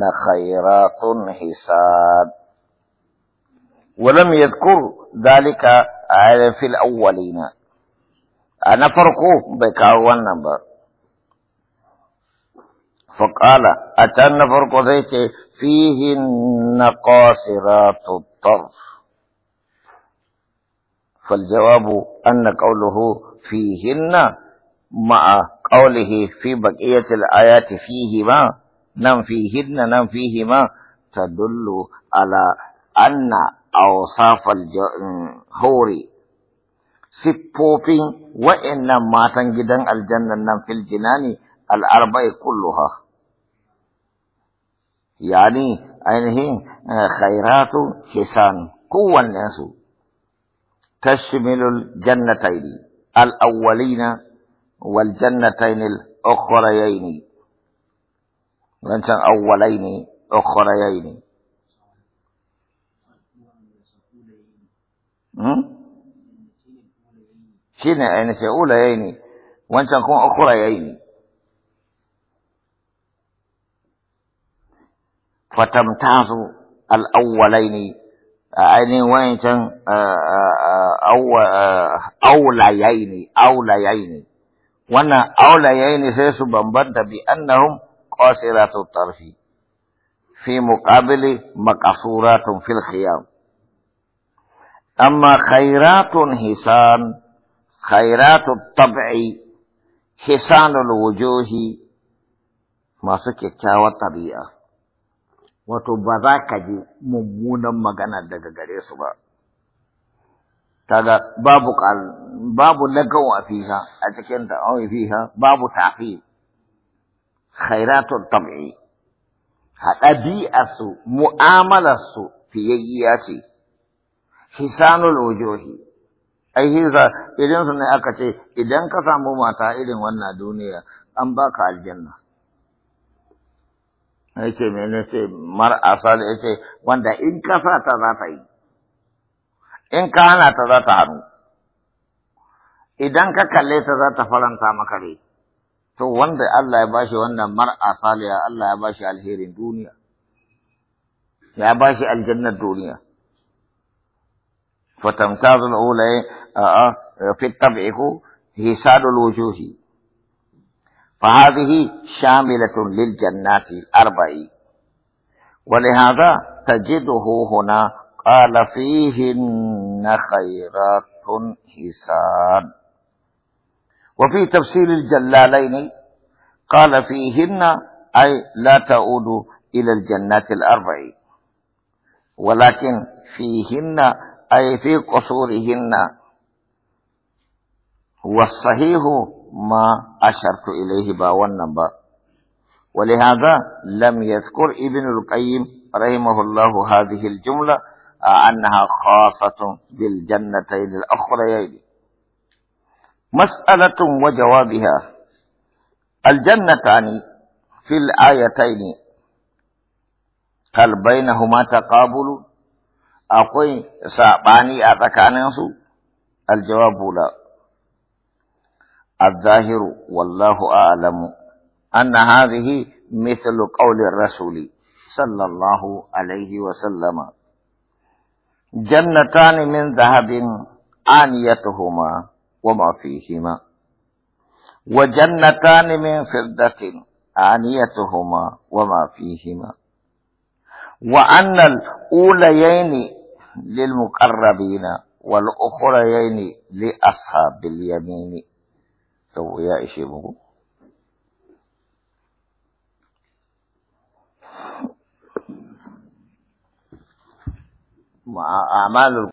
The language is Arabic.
فإن خيرات حساب ولم يذكر ذلك في الأولين أنا فرقه بكاوان نمبر فقال أتن فرق ذيك فيهن قاصرات الطرف فالجواب أن قوله فيهن مع قوله في بقية الآيات فيهما نم فيهن نم فيهما تدل على أن أوصاف الحور سبوبين وإن ما تنجد الجنة في الجنان الأربع كلها يعني أنه خيرات حسان قوة الناس تشمل الجنتين الأولين والجنتين الأخريين ونسان أولين أخرين شين يعني أين سيقول أين وانسان كون أخرين فتمتاز الأولين أين يعني وانسان آه، آه، آه، أولين أولين وانا أولين سيسو بمبدا بأنهم قاصرات الطرف في مقابل مقصورات في الخيام أما خيرات حسان خيرات الطبع حسان الوجوه ما سكي كاوى طبيعة وتبذاك جي ممونا مغانا دقا غريسوا kaga باب قال lagawa لقوا فيها cikin da فيها babu ta'khir khairatun tab'i haɗabi'arsu mu'amalarsu fiyayyiya ce hisanul wujuhi ai hiza idan su aka ce idan ka samu mata irin wannan duniya an baka aljanna yace mene ce mar asal yace wanda in ka ta za ta yi in ka ta za ta hannu idan ka kalle ta za ta faranta maka rai to wanda Allah ya bashi wannan mar'a saliya Allah ya bashi alherin duniya ya bashi aljannar duniya hisadul wujuhi fa hadhihi shamilatun lil jannati arba'i wa li hadha tajiduhu huna qala fihi khayratun hisad وفي تفسير الجلالين قال فيهن أي لا تعود إلى الجنات الأربع ولكن فيهن أي في قصورهن والصحيح ما أشرت إليه باو باوالنبا ولهذا لم يذكر ابن القيم رحمه الله هذه الجملة أنها خاصة بالجنتين الأخريين مسألة وجوابها الجنتان في الآيتين هل بينهما تقابل أقوي ساباني أتكاننسو الجواب لا الظاهر والله أعلم أن هذه مثل قول الرسول صلى الله عليه وسلم جنتان من ذهب آنيتهما وما فيهما وجنتان من فردة آنيتهما وما فيهما وأن الأوليين للمقربين والأخريين لأصحاب اليمين تو يا إشيبه مع أعمال